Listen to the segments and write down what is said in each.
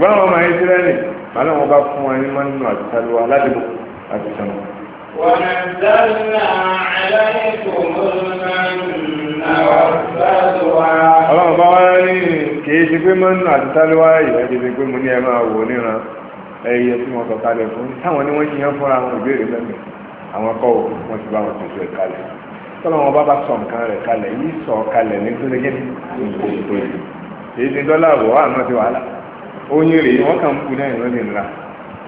báwọn ọmọ ìsírẹ́lì aláwọn bá fún wa ní mọ́nínú àti tàlùwà aládìbò àti sàmù. ọlọ́run bá wá ní kìí ṣe pé mọ́nínú àti tàlùwà yìí ẹ̀jẹ̀ ṣe pé mo ní ẹ máa wò níran ẹyẹ tí wọ́n sọ̀kalẹ̀ fún táwọn ni wọ́n yíyan fúnra wọn ìbéèrè lẹ́nu àwọn kọ́ wọn ti bá wọn tuntun ẹ̀ kalẹ̀ tọ́lọ́ wọn bá bá sọ nǹkan rẹ̀ kalẹ̀ yìí sọ̀ kalẹ̀ ní tó lé gẹ́gẹ́ bí èyí ti dọ́là wọ̀ àmọ́ ti wàhálà oyin rèé wọ́n kàn ń bu náà ìrọ́lẹ̀ ńlá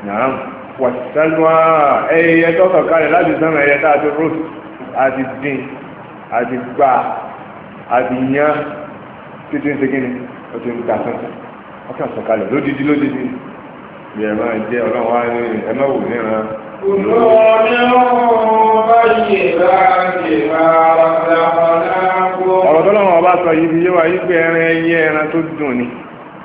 náà wàtánúà ẹyẹ tọ́kàn kalẹ̀ láti sánà ẹyẹ tá a ti rò àti dín àti gbà àti yán títí ń segin ni ó ti ń ta sánsán wọ́n kàn sọ kalẹ̀ lódìdí lódìdí bí ẹ máa jẹ́ ọlọ́run wá ní ẹ máa wò níran. ọ̀rọ̀ tọ́lọ́run ọba sọ yìí fi yé wa yí pé ẹran ẹyẹ ẹran tó dùn ni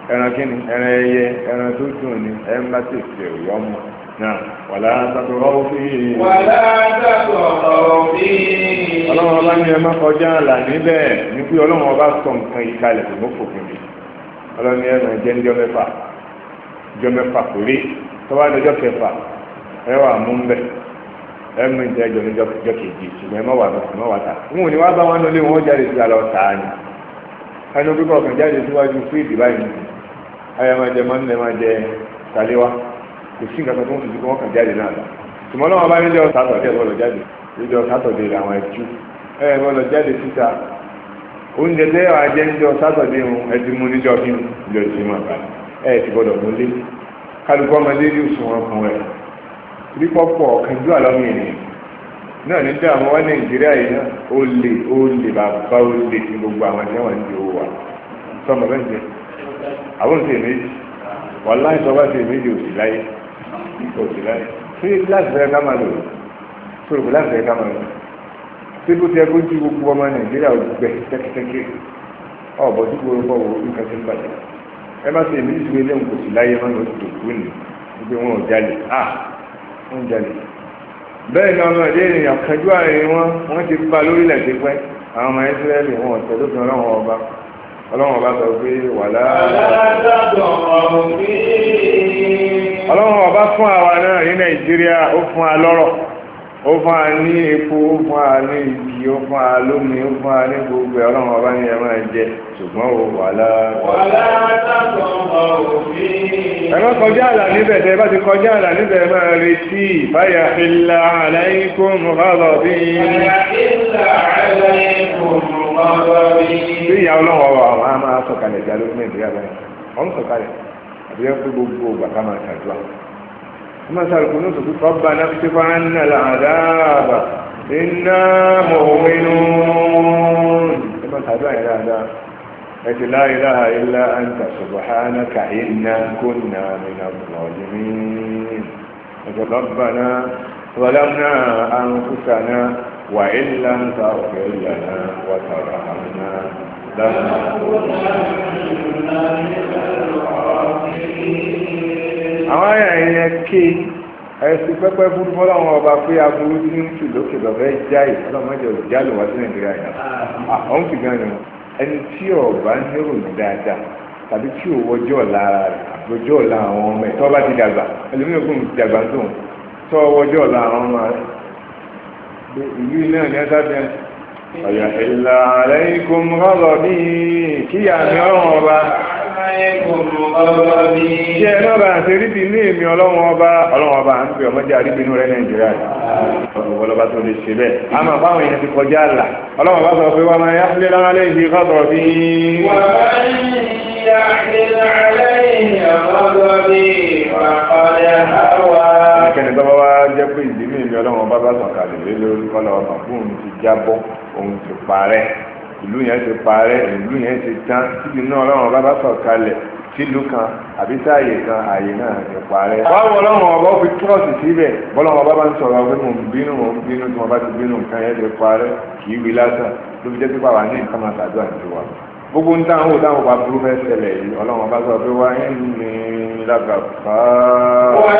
ẹran kíni ẹran ẹyẹ ẹran tó dùn ní ẹ má tètè òyọ́ mọ̀ náà wàlá àtàkùrọ̀ òfin. wàlá àtàkùrọ̀ òfin. ọlọ́run ọba ní ẹ má kọjá àlà níbẹ̀ ní pé ọlọ́run ọba sọ nǹkan yìí kalẹ̀ kò mọ́ fòfin mi ọlọ́run ní ẹran jẹ́ níjọ́ mẹ́fà jọ mẹ́fà péré tọ́wá níjọ́ kẹfà ẹ wà mú mbẹ́ ẹ mú ìjẹ́ jọ níjọ́ kejì ṣùgbọ́n ẹ má wà lọ́sùn má wà tà ń wò ní jáde síwájú fún ìdìbà yìí ayé máa jẹ mọ́nì lẹ́ máa jẹ kàléwá kò sí nǹkan tó ń tutù kí wọ́n kàn jáde náà lọ tùmọ̀ náà wọ́n bá níjọ́ sátọ̀dé ẹ̀gbọ́dọ̀ jáde níjọ́ sátọ̀dé làwọn ẹ̀jú ẹ̀gbọ́dọ̀ jáde síta oúnjẹ tẹ́ wàá jẹ́ níjọ́ sátọ̀dé ń ẹtì mú níjọ́ kí n lọ sí mọ̀ ẹ̀ ti gbọ́dọ̀ mú lé kálukọ́ máa lé ní òṣùwọ̀n fún ẹ̀ rí pọ́pọ̀ kẹjú àlọ́mì ènìyàn náà ní bí àwọn wá nàìjíríà yìí náà ó lè ó lè bàbá àwọn sì méjì wọ́n láì sọ bá sì méjì òsì láyé òsì láyé ṣé láti fẹ́ ká máa lò ṣé òkú láti fẹ́ ká máa lò ṣé bó ti yẹ kó ju gbogbo ọmọ nàìjíríà gbẹ tẹ́kítẹ́kí ọ̀bọ̀ tí kò rọ́pọ̀ wò ó nǹkan ti ń bàjẹ́ ẹ má ṣe méjì sí ilé òsì láyé má lọ sí òkú nì gbogbo wọn ò jalè à wọn jalè bẹ́ẹ̀ ni ọmọ ìdí ènìyàn kanjú àárín wọn wọ́n ti bá lórílẹ̀ ti pẹ́ àwọn ọmọ ìsírẹ́lì wọn ọlọ́run ọba sọ pé wàlá ọlọ́run ọba fún àwa náà ní nàìjíríà ó fún a lọ́rọ̀ ó fún a ní epo ó fún a ní igi ó fún a lómi ó fún a ní gbogbo ọlọ́run ọba ní ẹ máa jẹ ṣùgbọ́n ó wàlá ẹ má kọjá àlà níbẹ̀ tẹ́ bá ti kọjá àlà níbẹ̀ máa retí báyà ìlà àlàyé kó mú bá lọ bí ìyá ọlọ́wọ́ wa wọn á máa sọ̀kalẹ̀ jà lórí nàìjíríà báyìí wọn sọ̀kalẹ̀ àbí wọn pé gbogbo bàtà máa ṣàdúrà wọn máa ṣàlùkù ní òṣèlú tọ́ba náà fi ṣẹ́fà ń nà láàdáàbà iná mọ̀wénú ẹ máa ṣàdúrà yẹn dáadáa ẹ ti la ilaha illa anta subhanaka inna kunna minaz zalimin ẹ̀jọ̀ bàbá náà wàlámù náà àrùn kúta náà. وإن لم تغفر لنا وترحمنا àwọn àyà ẹ̀yẹ ké fún ọba pé aburú tí ń tù lókè já sí nàìjíríà yẹn gan ni ẹni tí ọba ń dáadáa tàbí tí ò àwọn ọmọ tọ́ bá ti dàgbà ẹlòmíràn kò ń dàgbà tó ń tọ́ àwọn ọmọ ìlú náà ní ẹ́sàbẹ̀ ọ̀yà ìlà alaykum ghadabi kí àmì ọlọ́run ọba ṣe ẹ̀ náà bá ṣe rí bí ní èmi ọlọ́run ọba ọlọ́run ọba ń pè ọmọdé àríbínú rẹ nàìjíríà ọlọ́ba tó lè ṣe bẹ́ẹ̀ a máa báwọn èèyàn ti ẹnikẹ́ni tó bá wá jẹ́ pé ìdílé ìlú ọlọ́run bá bá sọ̀kalẹ̀ lé lórí kọ́lá ọkàn fún òun ti jábọ́ òun ti parẹ́ ìlú yẹn ti parẹ́ ìlú yẹn ti tán títí náà ọlọ́run bá bá sọ̀kalẹ̀ sílùú kan àbí sáàyè kan àyè náà ti parẹ́. báwo ọlọ́run ọba fi trọ́ọ̀sì síbẹ̀ bọ́lọ́run ọba bá ń sọ̀rọ̀ pé mò ń bínú mò ń bínú tí wọ́n bá ti bínú nǹkan yẹn ti parẹ́ kì í wí lásán ló fi jẹ́ pípa ní nǹkan máa ṣàdúrà nítorí wa gbogbo ń dáhùn ó dáhùn bá burú fẹ́ ṣẹlẹ̀ yìí ọlọ́run bá sọ pé wá ń ní lágbàfà. wà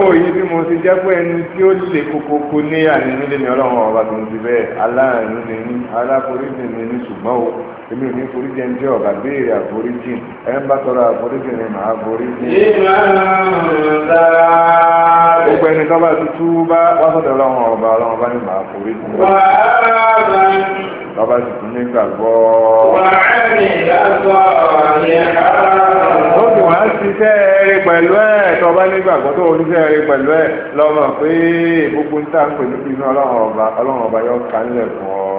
á mo ti jẹ́ pé ẹni tí ó lè kokoko ní ànínílé ni ọlọ́run ọba tó ń ti bẹ́ẹ̀ aláàánú ni ní aláforíjì ni ní ṣùgbọ́n o èmi ò ní forí jẹ ń jẹ ọba béèrè àforíjì ẹ ń bá tọrọ àforíjì ni màá foríjì. gbogbo ẹni tó bá tutù bá wá sọ́dọ̀ ọlọ́run ọba ọlọ́run ọba ni màá foríjì. bàbá sì tún ní gbàgbọ́. ó sì wá ṣiṣẹ́ eré pẹ̀lú ẹ̀ tó bá ní gbàgbọ́ tó oníṣẹ́ eré pẹ̀lú ẹ̀ lọ́mọ pé gbogbo ń tà ń pè níbi iná ọlọ́run ọba ọlọ́run ọ.